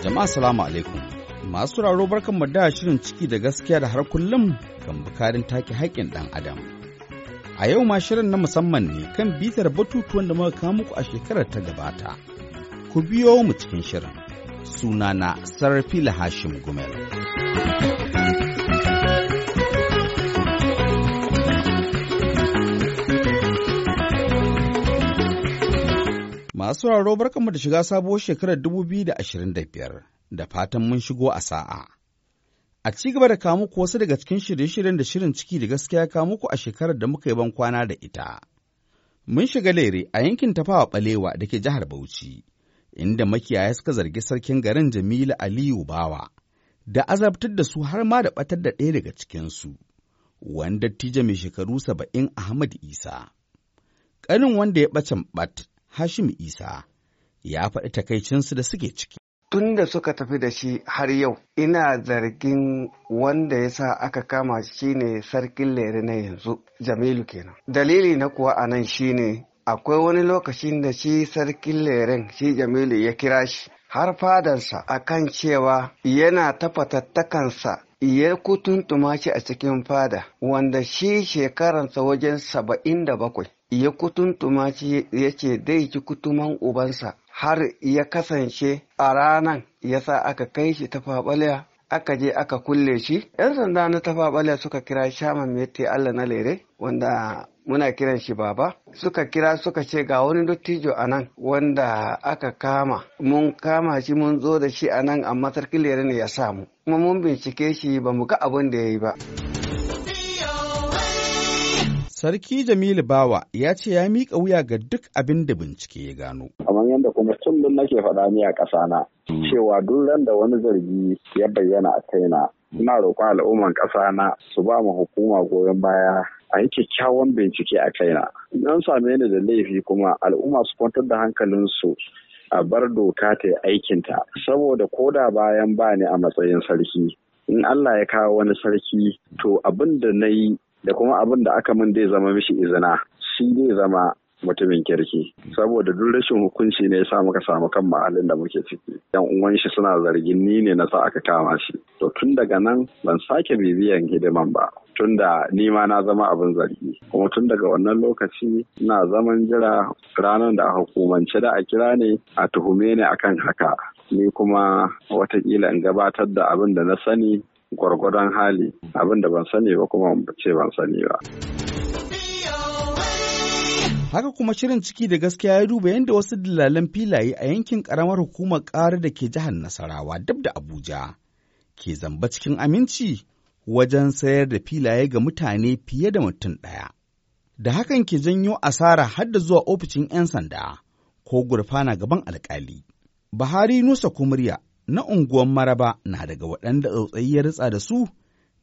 Jama'a salamu alaikum. Masu sauraro mu da shirin ciki da gaskiya da har kullum kan bukarin take haƙƙin ɗan adam. A yau ma shirin na musamman ne kan bitar batutuwan da muka kawo muku a shekarar ta gabata. Ku biyo mu cikin shirin. Sunana Sarfila Hashim Gumel. Masu sauraro barkanmu da shiga sabuwar shekarar 2025 da fatan mun shigo a sa'a. A ci gaba da kamu muku wasu daga cikin shirye-shiryen da shirin ciki da gaskiya kamu muku a shekarar da muka yi ban kwana da ita. Mun shiga lere a yankin tafawa balewa da ke jihar Bauchi, inda makiyaya suka zargi sarkin garin Jamilu Aliyu Bawa da azabtar da su har ma da batar da ɗaya daga cikinsu, wanda tija mai shekaru saba'in Ahmad Isa. Ƙanin wanda ya ɓacin ɓat Hashim Isa ya faɗi takaicinsu da suke ciki. Tun da suka tafi da shi har yau, ina zargin wanda ya sa aka kama shi ne sarkin lere na yanzu, Jamilu kenan. Dalili na kuwa a nan shi ne, akwai wani lokacin da shi sarkin leren shi Jamilu ya kira shi har fadarsa a kan cewa yana tafatattakansa ya kutuntuma shi a cikin fada wanda shi shekaransa wajen saba'in da bakwai ya kutuntuma shi ya ce zai ci kutuman ubansa har ya kasance a ranan ya sa aka kai shi tafaɓalya aka je aka kulle shi yan sanda na tafaɓalya suka kira shaman mete allah na lere wanda muna kiran shi baba suka kira suka ce ga wani dattijo a nan wanda aka kama mun kama shi mun zo da shi a nan amma sarki lere ne ya samu kuma mun bincike shi ba mu ga abin da ya yi ba. Sarki Jamilu Bawa ya ce ya miƙa wuya ga duk abin da bincike ya gano. Kamar yadda kuma kullum nake faɗa ni a ƙasana mm. cewa duk ran da wani zargi ya bayyana a kaina ina roƙon al'umman ƙasana su ba mu hukuma goyon baya a yi kyakkyawan bincike a kaina. An same ni da laifi kuma al'umma su kwantar da hankalinsu a bar doka ta yi aikinta saboda ko da bayan ba ni a matsayin sarki in Allah ya kawo wani sarki to abin da na yi da kuma abin da aka min zai zama mishi izina shi zai zama mutumin kirki saboda duk rashin hukunci ne yasa muka samu kan mahalin da muke ciki yan uwan shi suna zargin ni ne na sa aka kama shi to tun daga nan ban sake bibiyan hidiman ba tun da ni ma na zama abin zargi kuma tun daga wannan lokaci na zaman jira ranar da a hukumance da a kira ne a tuhume ne akan haka ni kuma watakila in gabatar da abin da na sani gwargwadon hali abin da ban sani ba kuma ce ban sani ba. Haka kuma shirin ciki da gaskiya ya duba yadda wasu dillalan filaye a yankin karamar hukumar ƙara da ke jihar Nasarawa dab da Abuja ke zamba cikin aminci wajen sayar da filaye ga mutane fiye da mutum ɗaya. Da hakan ke janyo asara har da zuwa ofishin 'yan sanda ko gurfana gaban alkali. Buhari Nusa Kumurya na unguwar Maraba na daga waɗanda tsautsayi ya ritsa da su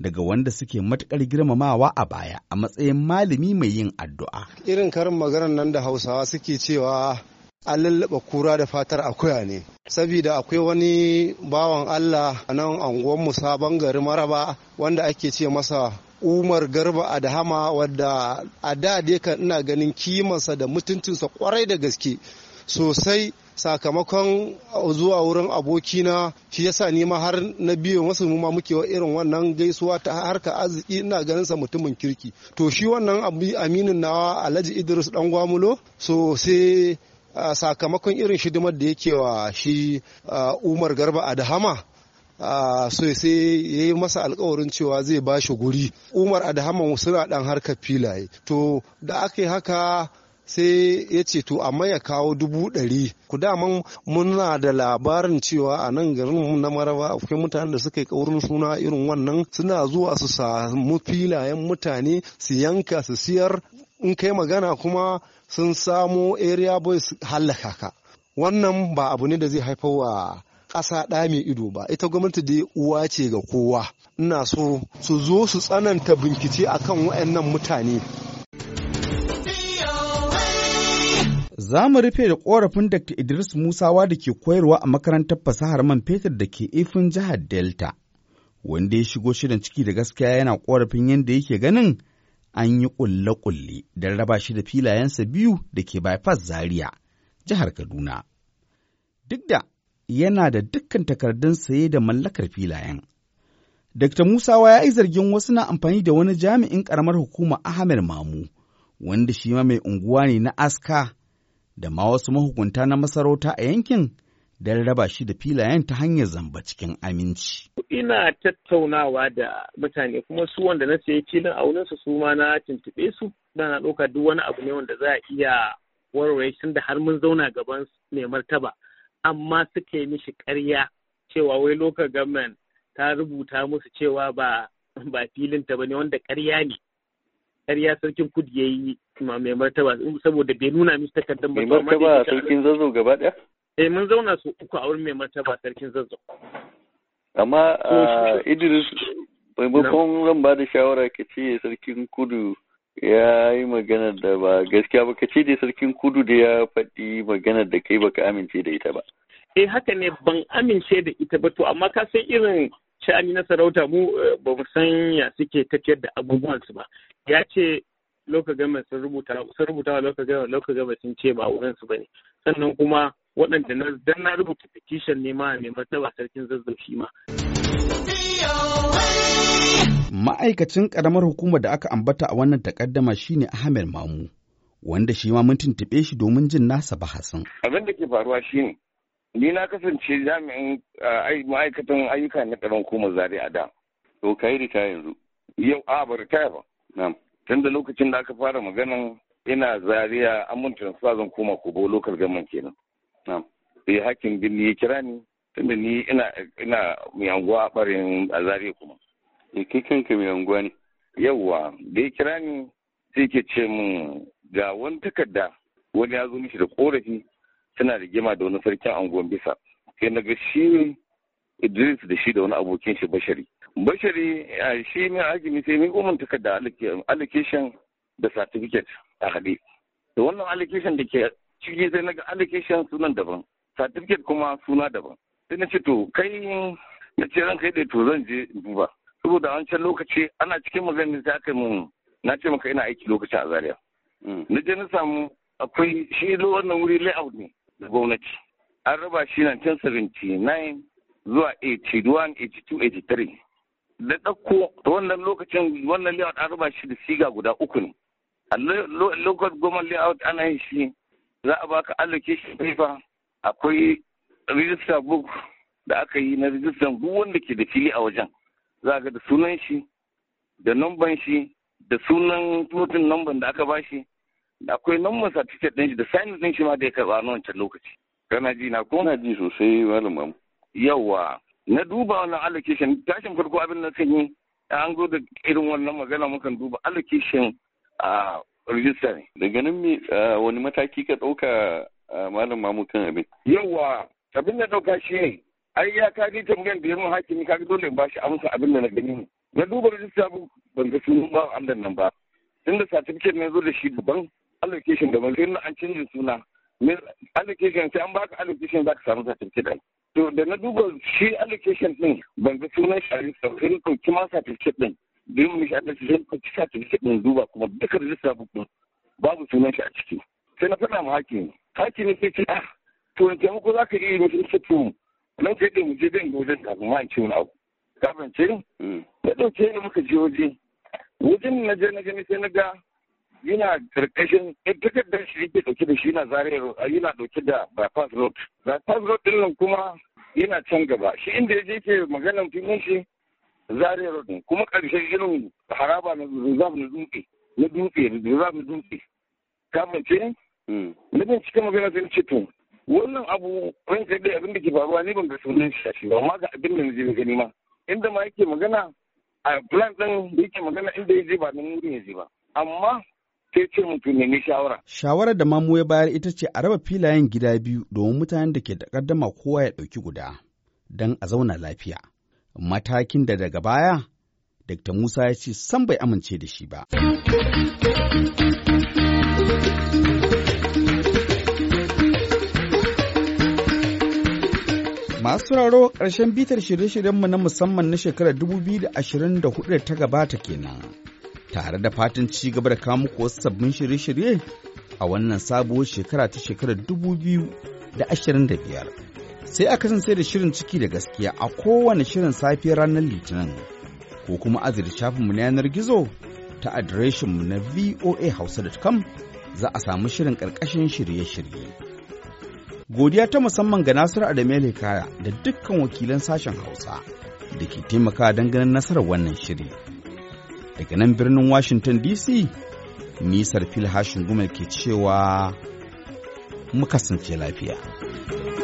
daga wanda suke matuƙar girmamawa a baya a matsayin malami mai yin addu'a. Irin karin maganar nan da Hausawa suke cewa an lallaba kura da fatar akuya ne. Sabida akwai wani bawan Allah a nan anguwan Musa bangare Maraba wanda ake ce masa Umar Garba Adahama wadda a da ina ganin kimansa da mutuncinsa kwarai da gaske sosai sakamakon zuwa wurin abokina shi yasa ni ma har na biyu wasu mu ma muke irin wannan gaisuwa ta harka arziki ina ganin sa mutumin kirki to shi wannan aminin nawa Alhaji Idris dan gwamulo so sakamakon irin shidimar da yake wa shi Umar Garba Adahama so sai ya yi masa alkawarin cewa zai ba shi guri umar adahama suna dan harka filaye to da aka yi haka sai ya ce to amma ya kawo dubu ɗari ku daman muna da labarin cewa a nan garin na maraba akwai mutanen da suka yi ƙaurin suna irin wannan suna zuwa su samu filayen mutane su yanka su siyar in kai magana kuma sun samo area boys hallaka ka wannan ba abu ne da zai haifar wa ƙasa ɗa mai ido ba ita gwamnati dai uwa ce ga kowa ina so su zo su tsananta bincike akan waɗannan mutane Za mu rufe da korafin Dr. Idris Musawa da ke koyarwa a makarantar fasahar man fetur da ke ifin jihar Delta, wanda ya shigo shirin ciki da gaskiya yana korafin yadda yake ganin an yi ƙulle-ƙulle da raba shi da filayensa biyu da ke bypass Zaria, jihar Kaduna. Duk da yana da dukkan takardun saye da mallakar filayen. Dr. Musawa ya yi zargin wasu na amfani da wani jami'in ƙaramar hukuma Ahmed Mamu, wanda shi ma mai unguwa ne na Aska. da ma wasu mahukunta na masarauta a yankin don raba shi da filayen ta hanyar zamba cikin aminci. Ina tattaunawa da mutane kuma su wanda na sayi filin a wurin su ma na tuntuɓe su da na ɗauka duk wani abu ne wanda za a iya warware shi da har mun zauna gaban mai martaba amma suka yi mishi ƙarya cewa wai local government ta rubuta musu cewa ba ba filin ta bane wanda ƙarya ne ƙarya sarkin kudu ya yi mai martaba saboda bai nuna mista takardar ba. Mai martaba sarkin zazzau gaba ɗaya? Eh mun zauna su uku a wurin mai martaba sarkin zazzau. Amma ah, Idris maimakon zan ba da shawara ka ce sarkin kudu ya yi magana da ba gaskiya ba ka ce dai sarkin kudu da ya faɗi magana da kai baka amince da ita ba. Eh haka ne ban amince da ita ba to amma ka san irin yi na sarauta mu eh, ba mu san ya suke tafiyar da abubuwansu ba ya ce loka gama sun rubuta sun rubuta wa loka gama loka gama sun ce ba wurin su bane sannan kuma waɗanda na dan na rubuta petition ne ma mai martaba sarkin zazzafi ma ma'aikacin karamar hukumar da aka ambata a wannan takaddama shine Ahmed Mamu wanda shi ma mun tuntube shi domin jin nasa bahasin abin da ke faruwa shine Ni na kasance jami'in eh, ma'aikatan ayyuka na karon hukumar zari a da. To ka yi rita yanzu. Yau a ba ritaya ba. Na'am. Tun da lokacin da aka fara maganan ina zariya an mun transfer zan koma kobo local government kenan. Na'am. Sai eh, hakin gini ya kira ni da ni ina ina mai anguwa a barin a zariya kuma. E kai kanka mai anguwa ne. Yawwa da ya kira ni sai ke ce min ga wani takarda wani ya zo mishi da korafi suna rigima da wani sarkin angon bisa sai na ga shi idris da shi da wani abokin shi bashari bashari shi ne azumi sai mai umar takarda allocation da certificate a haɗe da wannan allocation da ke ciki sai na ga allocation sunan daban certificate kuma suna daban sai na ce to kai na ce ran kai da to zan je duba saboda an can lokaci ana cikin maganin sai aka mun na ce maka ina aiki lokacin a zaria mm. na je na samu akwai shi wannan wuri layout ne gwamnati an raba shi 1979 zuwa 81 82 83 da ɗauko ta wannan lokacin wannan layout an raba shi da siga guda uku ne a lokacin gwamnan layout ana yin shi za a baka allocation paper akwai register book da aka yi na register duk wanda ke da fili a wajen za ga da sunan shi da numban shi da sunan plotin numban da aka bashi akwai numban certificate din shi da sign din shi ma da ya karba na wancan lokaci kana ji na ko na ji sosai malam yawa na duba wannan allocation tashin farko abin da kan yi an zo da irin wannan magana mukan duba allocation a register ne da ganin me wani mataki ka dauka malam mamu kan abin yawa abin da dauka shi ne ai ya ka ji tambayan da yamin hakimi ka dole ba shi amsa abin da na gani na duba register ban ga sunan ba andan nan ba tunda certificate ne zo da shi daban allocation da sai na an canza suna allocation sai an baka allocation za ka samu certificate to da na duba shi allocation din ban ga sunan shari'a sai na ɗauki ma certificate din din mu shi allocation sai na certificate din duba kuma duka da lissafi din babu sunan shi a ciki sai na faɗa ma haƙi ne sai ce ah to in ko za ka iya yi mutum sai to nan sai da mu je zan ga wajen kafin ma in ce wani abu kafin ce mm. na ɗauke ni muka je waje wajen na je na gani sai na ga yana karkashin eh, da shi yake ɗauke da shi yana zariyar eh, yana ɗauke da bypass road bypass road ɗin nan kuma yana can gaba shi inda yaje ke maganan filin shi zariyar road kuma karshen irin haraba na reserve na dutse na dutse reserve na dutse kafin ce mm. na bin cikin magana sun ce to wannan abu ranka dai abin da ke faruwa ne ban ga sunan shi shi ba amma ga abin da na je gani ma inda ma yake magana a plan ɗin da yake magana inda ya je ba na wurin ya je ba amma sai ce mutu nemi shawara. Shawarar da mamu ya bayar ita ce a raba filayen gida biyu domin mutanen da ke da kowa ya ɗauki guda don a zauna lafiya. Matakin da daga baya, Dr. Musa ya ce san bai amince da shi ba. Masu raro ƙarshen bitar shirye-shiryenmu na musamman na shekarar 2024 da ta gabata kenan. tare da fatan ci gaba da kawo muku wasu sabbin shirye-shirye a wannan sabuwar shekara ta shekarar biyar. sai a kasance da shirin ciki da gaskiya a kowane shirin safiyar ranar litinin ko kuma azir shafinmu na yanar gizo ta adireshinmu na voahausa.com za a samu shirin ƙarƙashin shirye-shirye. Godiya ta musamman ga Nasiru Adamele Kaya da dukkan wakilan sashen Hausa da ke taimakawa don ganin nasarar wannan shiri. daga nan birnin Washington DC, nisar filhashin gumal ke cewa muka lafiya.